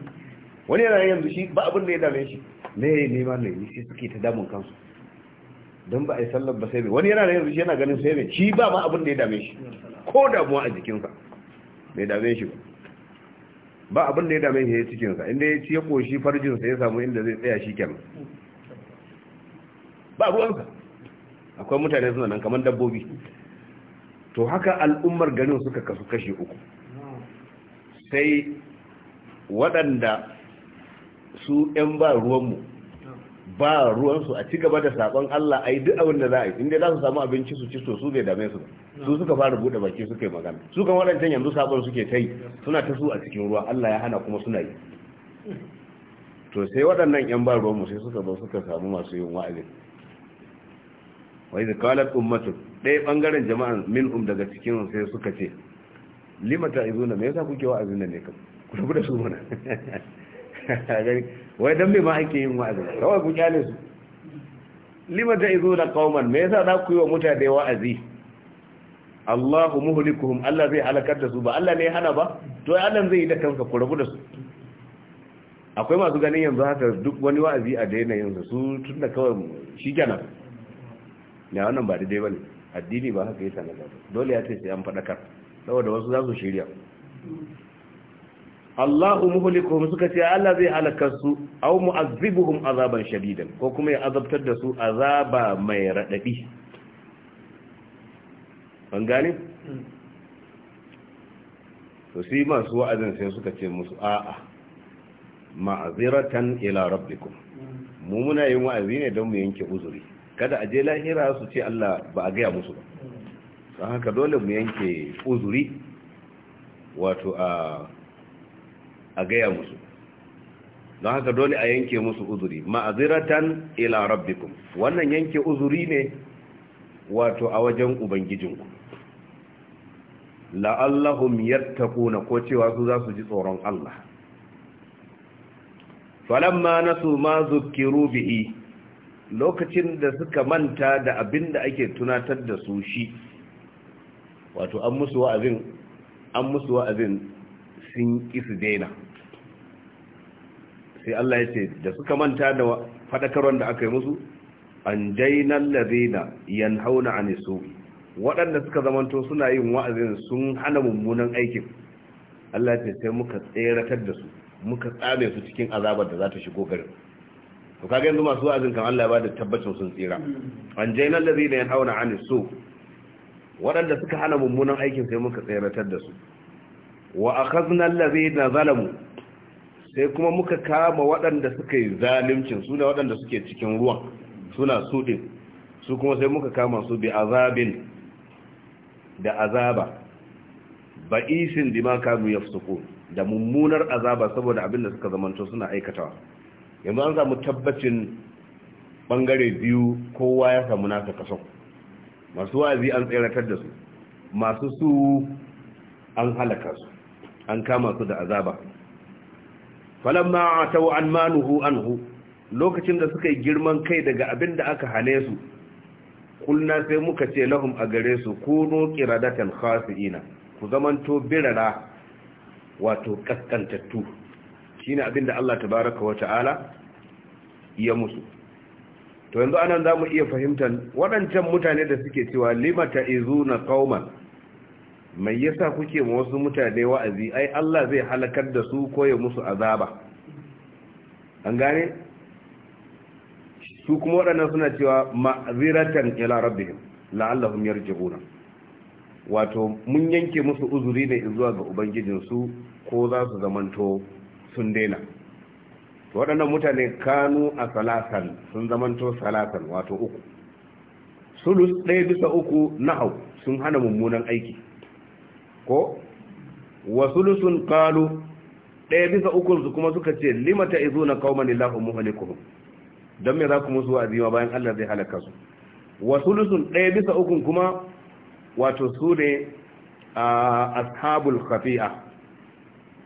wani yana yanzu shi ba abin da ya dame shi ne yi nema ne ni sai suke ta damun kansu don ba a yi sallar ba sai wani yana yanzu shi yana ganin sai ne shi ba ma abin da ya dame shi ko damuwa a jikinsa mai dame shi ba ba abin da ya dame shi ya cikinsa inda ya ci ya koshi farjinsa ya samu inda zai tsaya shi kenan ba ruwansa akwai mutane suna nan kamar dabbobi to haka al'ummar ganin suka kasu kashi uku sai waɗanda su ‘yan ba ruwanmu ba ruwansu a ci gaba da saƙon Allah a yi duk abin da za a yi inda za su samu abinci su ci so su bai dame su ba. su suka fara buɗe baki suka yi magana su kan waɗancan yanzu saƙon suke ta yi suna ta su a cikin ruwa Allah ya hana kuma suna yi to sai waɗannan ‘yan ba ruwanmu sai suka ba suka samu masu yin wa'azin wai da kalat ummatu ɗaya ɓangaren jama'an min um daga cikin sai suka ce limata izuna me yasa kuke wa'azin nan ne kan ku rabu da su mana wai dan me ma ake yin wa'azi kawai ku kyale su limata izuna qauman me yasa za ku yi wa mutane wa'azi Allahu muhlikuhum Allah zai halakar da su ba Allah ne ya hana ba to Allah zai yi da kanka ku rabu da su akwai masu ganin yanzu haka duk wani wa'azi a daina yanzu su tunda kawai shi kenan na wannan ba daidai bane addini ba haka yasa na gaba dole ya ce sai an fadakar saboda wasu za su shirya Allahu muhlikuhum suka ce Allah zai halaka su aw mu'azzibuhum azaban shadidan ko kuma ya azabtar da su azaba mai radadi an gane to sai masu wa'azin sai suka ce musu a'a ma'aziratan ila rabbikum mu muna yin wa'azi ne don mu yanke uzuri kada a je lahira su ce Allah ba a gaya musu ba don haka dole mu yanke uzuri wato a gaya musu don haka dole a yanke musu uzuri ma'aziratan ila rabbikum wannan yanke uzuri ne wato a wajen ubangijinku la'allahum yattaquna ko cewa su za su ji tsoron Allah falamma nasu ma zukkiru bihi lokacin da suka manta da abin da ake tunatar da su shi wato an musu wa'azin an musu wa'azin sun isu daina sai Allah ya ce da suka manta da faɗakarwar da aka yi musu an jainan larina yan hauna a niso waɗanda suka zamanto suna yin wa'azin sun hana mummunan aikin Allah ya ce sai muka tseratar da su muka tsame su cikin azabar da za ta shigo garin to kaga yanzu masu wa'azin kan Allah ya bada tabbacin sun tsira an jaina allazina yanhauna an su waɗanda suka hana mummunan aikin sai muka tsayaratar da su wa akhadna allazina zalamu sai kuma muka kama waɗanda suka yi zalimcin su ne waɗanda suke cikin ruwan suna su din su kuma sai muka kama su bi azabin da azaba ba'isin bima kanu yafsukun da mummunar azaba saboda abin da suka zamanto suna aikatawa yanzu an samu tabbacin bangare biyu kowa ya samu nasa kaso masu wazi an tseratar da su masu su an halaka su an kama su da azaba falamma atau an manuhu anhu lokacin da suka yi girman kai daga abin da aka hane su kulna sai muka ce lahum a gare su kuno kiradatan khasiina ku zamanto birara wato kaskantattu shine abin da Allah ta wa ta'ala ya musu to yanzu anan mu iya fahimtar waɗancan mutane da suke cewa limata izuna qauman mai yasa kuke ma wasu mutane wa'azi ai Allah zai halakar da su ko ya musu azaba an gane su kuma waɗannan suna cewa ma'ziratan ila rabbihim la'allahum yarji'una wato mun yanke musu uzuri ne zuwa ga ubangijin su ko za su zamanto sun daina waɗannan mutane kanu a Salatan sun zamanto Salatan wato uku sulus ɗaya bisa uku na hau sun hana mummunan aiki ko wa sulusun kalu ɗaya bisa ukunsu su kuma suka ce limata izo na kawo mani lafi muhalikuhu don me za ku musu wa azima bayan allah zai halaka su wa sulusun ɗaya bisa ukun kuma wato su ne a ashabul khafi'a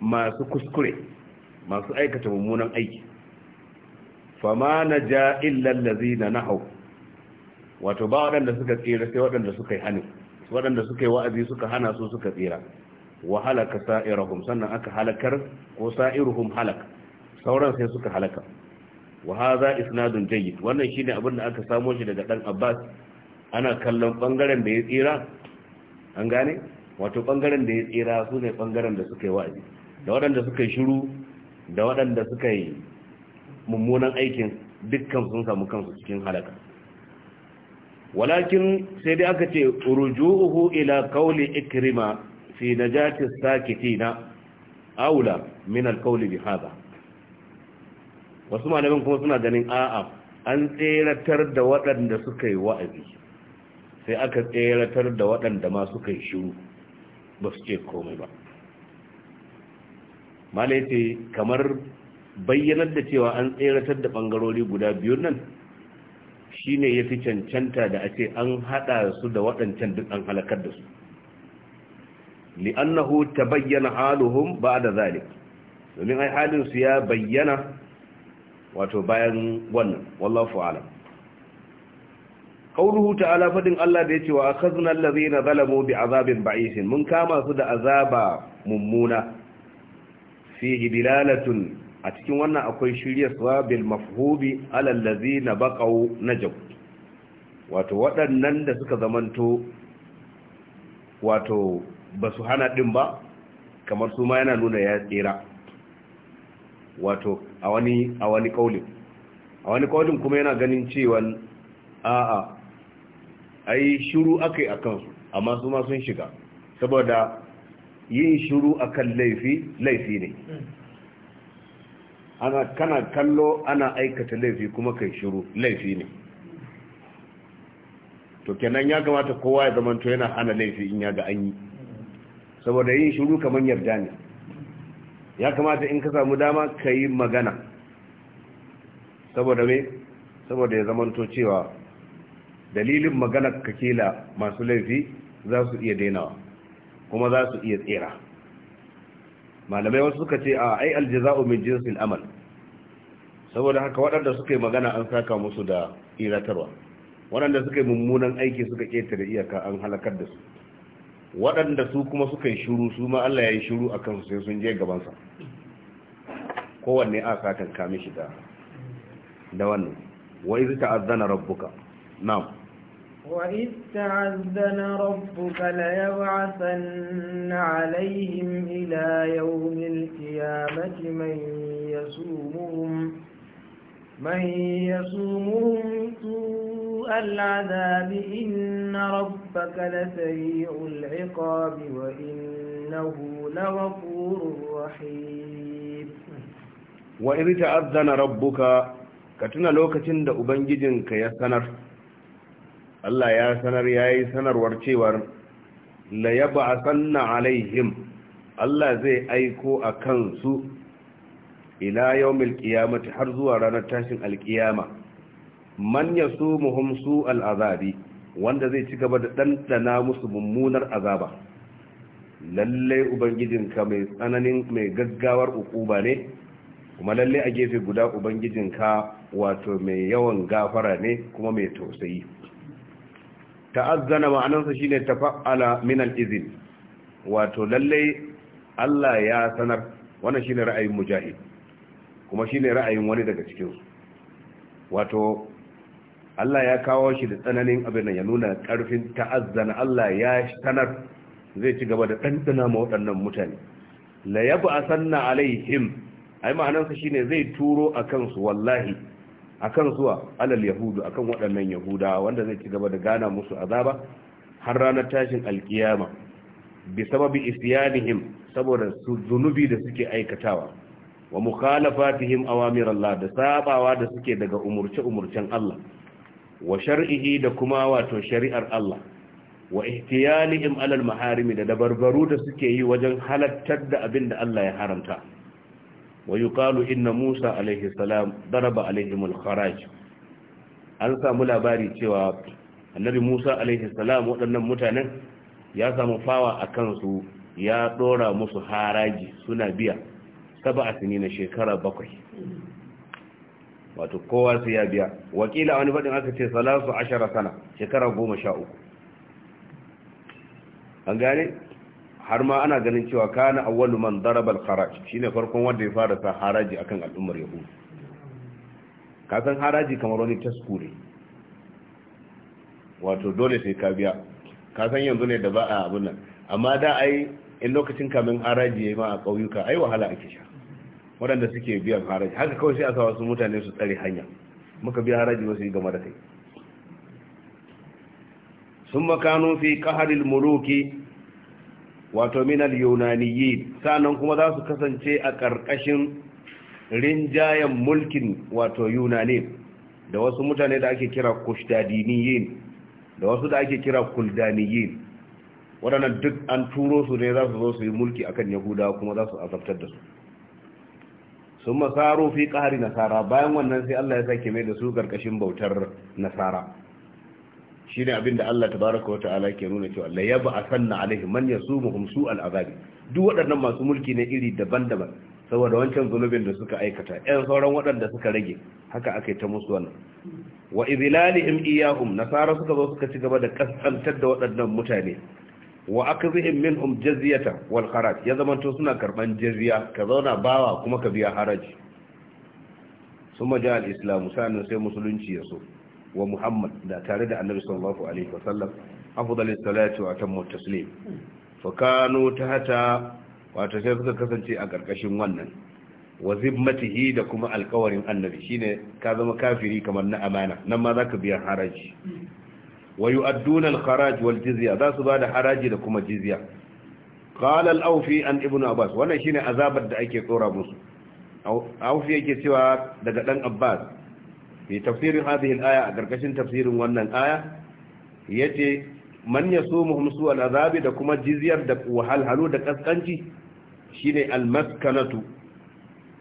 masu kuskure masu aikata mummunan aiki fama na ja illallazi na nahau wato ba waɗanda suka tsira sai waɗanda suka yi hannu waɗanda suka yi wa'azi suka hana su suka tsira wa halaka sa'irahum sannan aka halakar ko sa'iruhum halak sauran sai suka halaka wa hadha isnadun jayyid wannan shine abin da aka samo shi daga dan Abbas ana kallon bangaren da ya tsira an gane wato bangaren da ya tsira su ne bangaren da suka yi wa'azi da waɗanda suka yi shiru da waɗanda suka yi mummunan aikin dukkan sun samu kansu cikin halaka walakin sai dai aka ce rujuhu ila kauli ikrima fi najati sakitina aula min alkauli bi wasu malamin kuma suna ganin a'a an tseratar da waɗanda suka yi wa'azi sai aka tseratar da waɗanda ma suka shiru ba su ce komai ba malai ce kamar bayyanar da cewa an tseratar da bangarori guda biyun nan shine ya fi cancanta da a ce an hada su da waɗancan duk an halakar da su li'annahu tabayyana ba da zalik domin ai halin su ya bayyana wato bayan wannan wallahu a'lam qauluhu ta'ala fadin Allah da yace wa akhadna allazina zalamu azabin ba'isin mun kama su da azaba mummuna fihi dilalatun a cikin wannan akwai shirya sawabil mafhubi alal ladina baqaw najab wato waɗannan da suka zamanto wato basu hana ɗin ba kamar su ma yana nuna ya tsira wato a wani a wani a wani kuma yana ganin cewa a'a ai shiru akai akan su amma su ma sun shiga saboda yin shiru akan laifi laifi ne ana kana kallo ana aikata laifi kuma kai shiru laifi ne to kenan ya kamata kowa ya zama yana hana laifi in ya ga an yi saboda yin shiru kamar yarda ne ya kamata in ka samu dama ka yi magana saboda me saboda ya zama cewa dalilin maganar kakila masu laifi za su iya dainawa kuma za su iya tsira malamai wasu suka ce a ai aljaza'u min jinsil amal saboda haka waɗanda suka yi magana an saka musu da iratarwa waɗanda suka yi mummunan aiki suka ƙetare iyaka an halakar da su waɗanda su kuma suka yi shuru su ma Allah ya yi shuru a kansu sai sun je gabansa kowanne a sakan kame shi da wannan wa iz ta'azzana rabbuka na'am وإذ تعذن ربك ليبعثن عليهم إلى يوم القيامة من يسومهم من يسومهم سوء العذاب إن ربك لسريع العقاب وإنه لغفور رحيم وإذ تعذن ربك كتنا لوكة عند أبنجدك يسنر Allah ya sanar ya yi sanarwar cewar la ya ba alaihim Allah zai aiko a kansu ila yawmil qiyamati har zuwa ranar tashin alkiyama man su su al'azabi wanda zai ci gaba da ɗanɗana musu mummunar azaba lallai ubangijinka mai tsananin mai gaggawar ukuba ne kuma lallai a gefe guda ubangijinka wato mai yawan gafara ne kuma mai tausayi ta'azzana ma'anarsa ne tafa'ala min al-izn wato lallai, Allah ya sanar wannan shine ra'ayin mujahid kuma shine ra'ayin wani daga cikin su wato Allah ya kawo shi da tsananin abin ya nuna karfin ta'azzana Allah ya sanar zai ci gaba da ɗanɗana ma waɗannan mutane la yab'asanna alaihim ai ma'anarsa shine zai turo a kansu wallahi akan zuwa alal yahudu akan waɗannan yahuda wanda zai ci gaba da gana musu azaba har ranar tashin alkiyama bi sababi isyanihim saboda zunubi da suke aikatawa wa mukhalafatihim awamir Allah da sabawa da suke daga umurce umurcen Allah wa shar'ihi da kuma wato shari'ar Allah wa ihtiyalihim alal maharimi da dabarbaru da suke yi wajen halattar da abinda Allah ya haramta wa yuqalu inna Musa alaihi salam daraba alaihim al-kharaj an samu labari cewa annabi Musa alaihi salam waɗannan mutanen ya samu fawa a kansu ya dora musu haraji suna biya saba asini na shekara bakwai wato kowa ya biya wakila wani faɗin aka ce salasu ashara sana shekara goma sha uku har ma ana ganin cewa kana awwalu man daraba al-kharaj shine farkon wanda ya fara sa haraji akan al'ummar yahudi ka san haraji kamar wani taskure wato dole sai ka biya ka san yanzu ne da ba a abin nan amma da ai in lokacin kamin haraji yayi ma a kauyuka ai wahala ake sha waɗanda suke biyan haraji haka kawai sai a sa wasu mutane su tsare hanya muka biya haraji wasu yi game da kai sun makano fi kaharil muluki wato minal yunaniyin sanan kuma za su kasance a ƙarƙashin rinjayen mulkin wato yunani da wasu mutane da ake kira kushtadiniyin da wasu da ake kira kuldaniyin waɗannan duk an turo su ne za su zo su yi mulki akan Yahuda kuma za su azabtar da su sun masaro fi ƙahari nasara bayan wannan sai allah ya sake mai da su ƙarƙashin bautar nasara shine abin da Allah tabaraka wa ta'ala ke nuna cewa la yab'athanna alaihim man yasumuhum su'al azabi duk waɗannan masu mulki ne iri daban-daban saboda wancan zunubin da suka aikata Yan sauran waɗanda suka rage haka aka yi ta musu wannan wa izlalihim iyahum nasara suka zo suka ci gaba da kaskantar da waɗannan mutane wa akzihim minhum jaziyata wal kharaj ya zamanto suna karban jaziya ka zauna bawa kuma ka biya haraji summa ja al islam sanin sai musulunci ya so wa muhammad da tare da annabi sallallahu alaihi wasallam afdalus salati wa atammu taslim fa kanu tahta wato sai suka kasance a karkashin wannan wa zimmatihi da kuma alkawarin annabi shine ka zama kafiri kamar na amana nan ma zaka biya haraji wa yu'adduna al-kharaj wal jizya za su bada haraji da kuma jizya qala al-awfi an ibn abbas wannan shine azabar da ake tsora musu awfi yake cewa daga dan abbas fi tafsirin hadhihi al-aya a karkashin tafsirin wannan aya yace man yasumuhum su'al azabi da kuma jizyar da wahalhalu da kaskanci shine al-maskanatu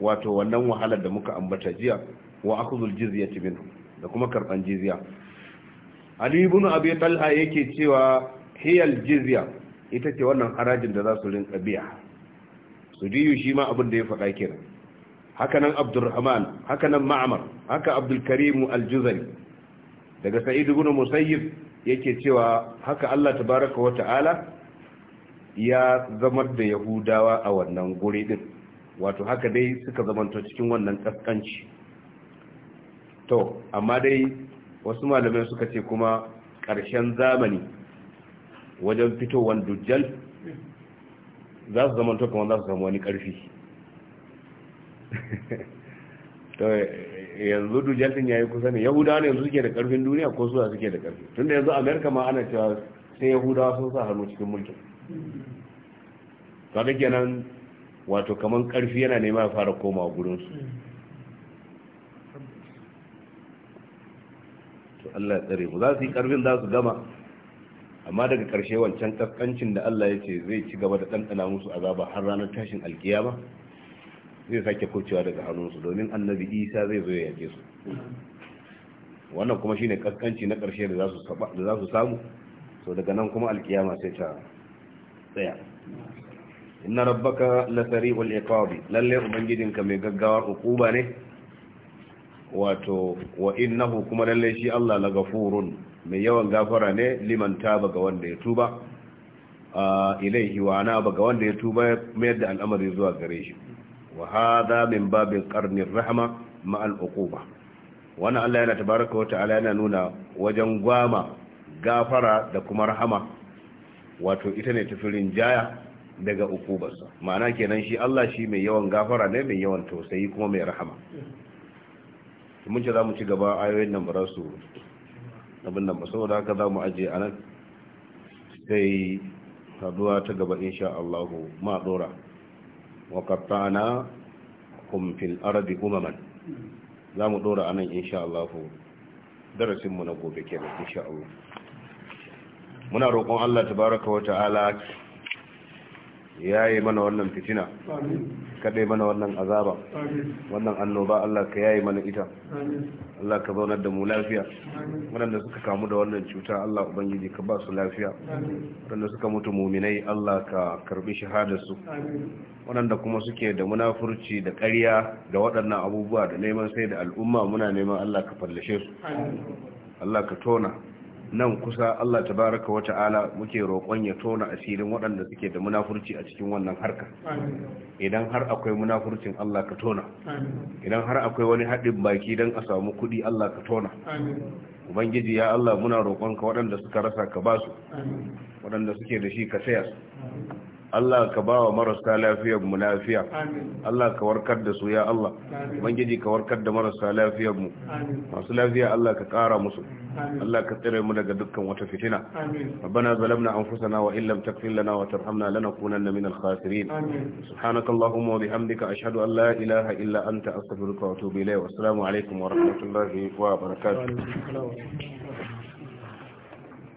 wato wannan wahalar da muka ambata jiya wa akhdhul jizyati minhum da kuma karban jizya Ali ibn Abi Talha yake cewa hiyal jizya ita ce wannan harajin da za su rinka biya su diyu shi ma abin da ya faɗa kenan hakanan abdurrahman hakanan ma'amar haka abdulkarim aljuzari daga sa'id ibn musayyib yake cewa haka Allah tabaraka wa ta'ala ya zamar da yahudawa a wannan guri din wato haka dai suka zamanto cikin wannan kaskanci to amma dai wasu malamai suka ce kuma ƙarshen zamani wajen fitowar dujjal za su zamanto kuma za su samu wani ƙarfi to yanzu dujal ya yayi kusa ne yahudawa ne yanzu suke da karfin duniya ko suwa suke da karfi tunda yanzu amerika ma ana cewa sai yahudawa sun sa hannu cikin mulkin kaga kenan wato kaman karfi yana nema ya fara komawa gurin su to Allah ya tsare mu za su yi karfin za su gama amma daga karshe wancan kaskancin da Allah ya ce zai ci gaba da ɗanɗana musu azaba har ranar tashin alkiyama zai sake kucewa daga hannunsu domin annabi isa zai zo ya yake su wannan kuma shine kaskanci na ƙarshe da za su samu so daga nan kuma alkiyama sai ta tsaya inna rabbaka lasari'ul iqabi lalle ubangijinka mai gaggawa ukuba ne wato wa innahu kuma lalle shi Allah la gafurun mai yawan gafara ne liman taba ga wanda ya tuba ilaihi wa ana ba ga wanda ya tuba mayar da al'amari zuwa gare shi wa hadha min babin qarnir rahma ma al uquba wannan Allah yana tabaraka wa ta'ala yana nuna wajen gwama gafara da kuma rahama wato ita ne tafirin jaya daga ukubarsa ma'ana kenan shi Allah shi mai yawan gafara ne mai yawan tausayi kuma mai rahama mun ce za mu ci gaba ayoyin nan ba su abin nan saboda haka za mu ajiye a nan sai haduwa ta gaba insha Allah ma dora وقطعنا هم في الأرض أمما لا مدور أنا إن شاء الله درس منقوب كنا إن شاء الله منا roƙon الله تبارك وتعالى ya yi mana wannan fitina kaɗe mana wannan azaba wannan annoba Allah ka yayi mana ita Allah ka zaunar da mu lafiya waɗanda suka kamu da wannan cuta Allah ubangiji ka ba su lafiya waɗanda suka mutu muminai Allah ka karɓi karbi shahadarsu waɗanda kuma suke da munafurci da ƙarya da waɗannan abubuwa da neman sai da al'umma muna neman Allah ka fallashe su Allah ka tona nan kusa Allah Ta baraka wa ta'ala muke roƙon ya tona asirin waɗanda suke da munafurci a cikin wannan harka idan har akwai munafurcin Allah ka tona idan har akwai wani haɗin baki don a samu kuɗi Allah ka tona ubangiji ya Allah muna ka waɗanda suka rasa ka basu waɗanda suke da shi ka saya Allah ka ba wa marasa lafiyar mu lafiya Allah ka warkar da su ya Allah ubangiji ka warkar da marasa lafiyar mu masu lafiya Allah ka kara musu Allah ka tsare mu daga dukkan wata fitina rabbana zalamna anfusana wa illam taghfir lana wa tarhamna lanakunanna minal khasirin subhanakallahumma wa bihamdika ashhadu an la ilaha illa anta astaghfiruka wa atubu ilayk wa assalamu alaikum wa rahmatullahi wa barakatuh